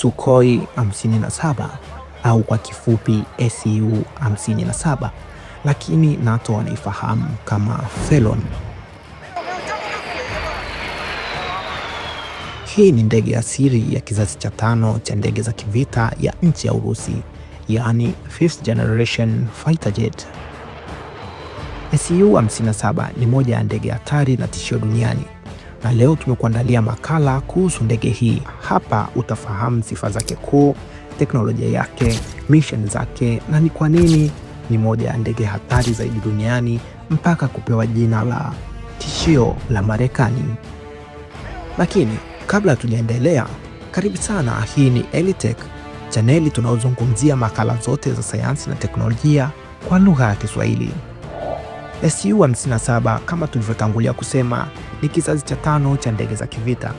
Sukhoi 57 au kwa kifupi Su 57, lakini NATO wanaifahamu kama Felon. Hii ni ndege ya siri ya kizazi cha tano cha ndege za kivita ya nchi ya Urusi, yaani fifth generation fighter jet. Su 57 ni moja ya ndege hatari na tishio duniani na leo tumekuandalia makala kuhusu ndege hii. Hapa utafahamu sifa zake kuu, teknolojia yake, misheni zake, na ni kwa nini ni moja ya ndege hatari zaidi duniani mpaka kupewa jina la tishio la Marekani. Lakini kabla tujaendelea, karibu sana. Hii ni Elitech chaneli tunaozungumzia makala zote za sayansi na teknolojia kwa lugha ya Kiswahili. SU 57 kama tulivyotangulia kusema ni kizazi cha tano cha ndege za kivita.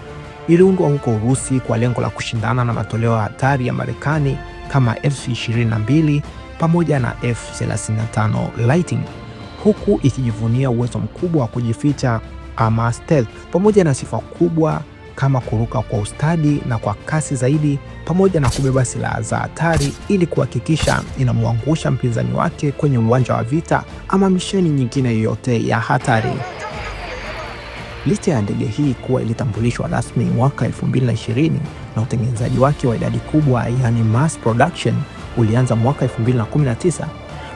Iliundwa huko Urusi kwa lengo la kushindana na matoleo ya hatari ya Marekani kama F-22 pamoja na F-35 Lightning, huku ikijivunia uwezo mkubwa wa kujificha ama stealth, pamoja na sifa kubwa kama kuruka kwa ustadi na kwa kasi zaidi, pamoja na kubeba silaha za hatari ili kuhakikisha inamwangusha mpinzani wake kwenye uwanja wa vita ama misheni nyingine yoyote ya hatari. Licha ya ndege hii kuwa ilitambulishwa rasmi mwaka 2020 na utengenezaji wake wa idadi kubwa, yani mass production, ulianza mwaka 2019,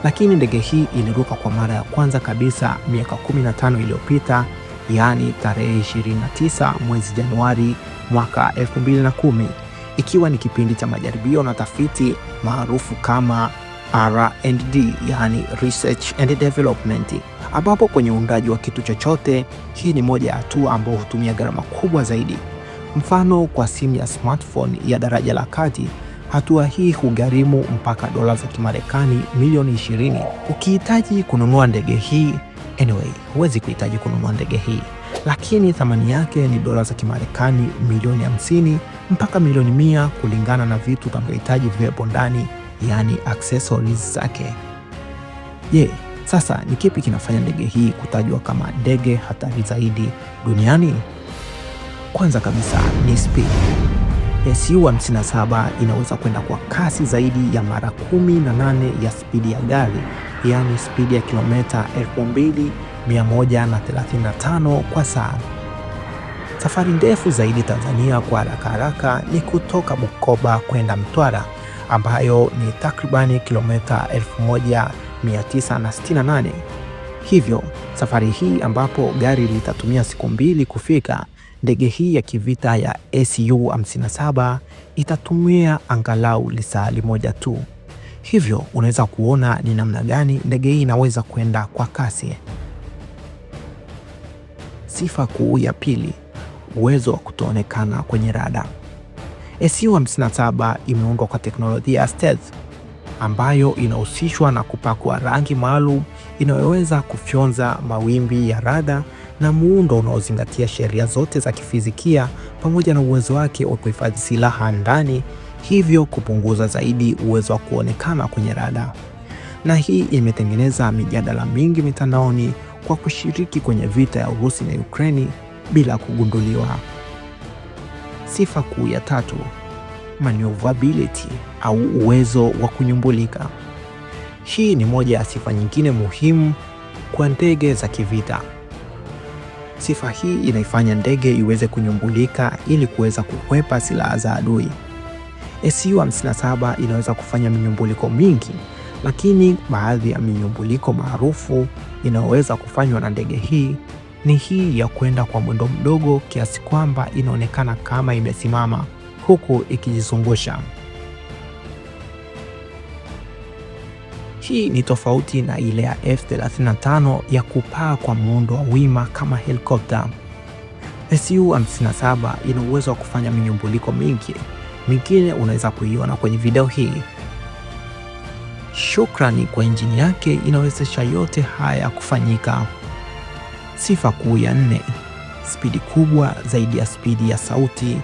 lakini ndege hii iliruka kwa mara ya kwanza kabisa miaka 15 iliyopita, yaani tarehe 29 mwezi Januari mwaka 2010, ikiwa ni kipindi cha majaribio na tafiti maarufu kama R&D, yani research and development ambapo kwenye uundaji wa kitu chochote, hii ni moja ya hatua ambayo hutumia gharama kubwa zaidi. Mfano, kwa simu ya smartphone ya daraja la kati, hatua hii hugharimu mpaka dola za Kimarekani milioni 20. Ukihitaji kununua ndege hii, anyway, huwezi kuhitaji kununua ndege hii, lakini thamani yake ni dola za Kimarekani milioni 50 mpaka milioni mia, kulingana na vitu utakavyohitaji viwepo ndani, yaani accessories zake. Je, yeah. Sasa ni kipi kinafanya ndege hii kutajwa kama ndege hatari zaidi duniani? Kwanza kabisa ni spidi. SU-57 inaweza kwenda kwa kasi zaidi ya mara 18 ya spidi ya gari, yaani spidi ya kilomita 2135 kwa saa. Safari ndefu zaidi Tanzania kwa haraka haraka ni kutoka Bukoba kwenda Mtwara ambayo ni takribani kilomita 1000 968. Hivyo safari hii ambapo gari litatumia siku mbili kufika, ndege hii ya kivita ya SU-57 itatumia angalau lisaa limoja tu. Hivyo unaweza kuona ni namna gani ndege hii inaweza kwenda kwa kasi. Sifa kuu ya pili, uwezo wa kutoonekana kwenye rada. SU-57 imeundwa kwa teknolojia ya stealth ambayo inahusishwa na kupakwa rangi maalum inayoweza kufyonza mawimbi ya rada na muundo unaozingatia sheria zote za kifizikia pamoja na uwezo wake wa kuhifadhi silaha ndani, hivyo kupunguza zaidi uwezo wa kuonekana kwenye rada. Na hii imetengeneza mijadala mingi mitandaoni kwa kushiriki kwenye vita ya Urusi na Ukraini bila kugunduliwa. Sifa kuu ya tatu maneuverability au uwezo wa kunyumbulika. Hii ni moja ya sifa nyingine muhimu kwa ndege za kivita. Sifa hii inaifanya ndege iweze kunyumbulika ili kuweza kukwepa silaha za adui. SU-57 inaweza kufanya minyumbuliko mingi, lakini baadhi ya minyumbuliko maarufu inayoweza kufanywa na ndege hii ni hii ya kwenda kwa mwendo mdogo kiasi kwamba inaonekana kama imesimama huku ikijizungusha. Hii ni tofauti na ile ya F-35 ya kupaa kwa muundo wa wima kama helikopta. Su-57 ina uwezo wa kufanya minyumbuliko mingi, mingine unaweza kuiona kwenye video hii. Shukrani kwa injini yake inawezesha yote haya kufanyika. Sifa kuu ya nne: spidi kubwa zaidi ya spidi ya sauti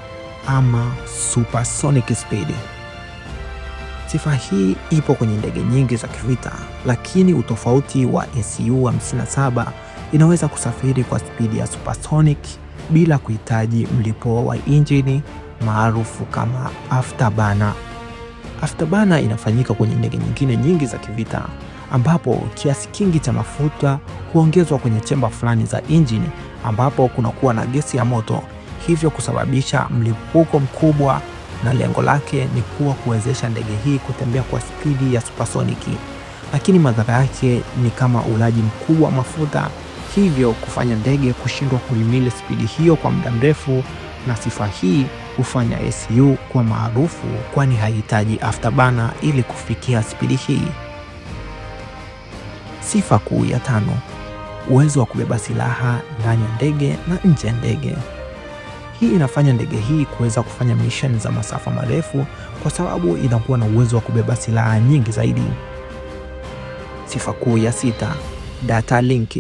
ama supersonic speed. Sifa hii ipo kwenye ndege nyingi za kivita, lakini utofauti wa su 57 inaweza kusafiri kwa spidi ya supersonic bila kuhitaji mlipo wa injini maarufu kama aftabana. Aftabana inafanyika kwenye ndege nyingine nyingi za kivita ambapo kiasi kingi cha mafuta huongezwa kwenye chemba fulani za injini ambapo kunakuwa na gesi ya moto hivyo kusababisha mlipuko mkubwa, na lengo lake ni kuwa kuwezesha ndege hii kutembea kwa spidi ya supasoniki, lakini madhara yake ni kama ulaji mkubwa wa mafuta, hivyo kufanya ndege kushindwa kuhimili spidi hiyo kwa muda mrefu, na sifa hii hufanya SU kuwa maarufu, kwani haihitaji aftabana ili kufikia spidi hii. Sifa kuu ya tano: uwezo wa kubeba silaha ndani ya ndege na nje ya ndege. Hii inafanya ndege hii kuweza kufanya misheni za masafa marefu kwa sababu inakuwa na uwezo wa kubeba silaha nyingi zaidi. Sifa kuu ya sita, data link.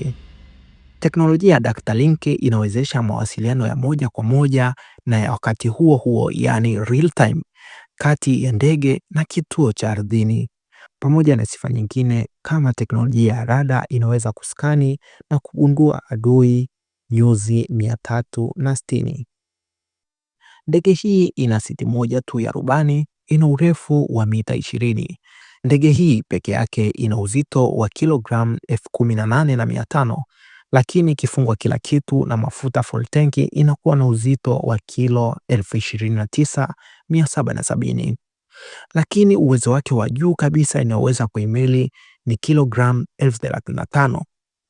Teknolojia ya data link inawezesha mawasiliano ya moja kwa moja na ya wakati huo huo, yani real time, kati ya ndege na kituo cha ardhini. Pamoja na sifa nyingine kama teknolojia ya rada inaweza kuskani na kugundua adui nyuzi mia tatu na sitini. Ndege hii ina siti moja tu ya rubani, ina urefu wa mita ishirini Ndege hii peke yake ina uzito wa kilogramu tano lakini ikifungwa kila kitu na mafuta full tanki inakuwa na uzito wa kilo elfu mia saba na sabini Lakini uwezo wake wa juu kabisa inayoweza kuhimili ni kilogramu tano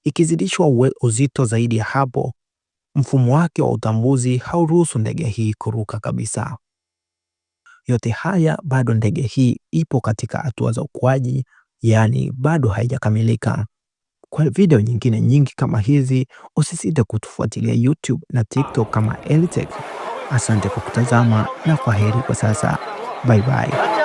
Ikizidishwa uzito zaidi ya hapo, mfumo wake wa utambuzi hauruhusu ndege hii kuruka kabisa. Yote haya bado ndege hii ipo katika hatua za ukuaji, yaani bado haijakamilika. Kwa video nyingine nyingi kama hizi, usisite kutufuatilia YouTube na TikTok kama Elitech. Asante kwa kutazama na kwaheri kwa sasa. Bye bye.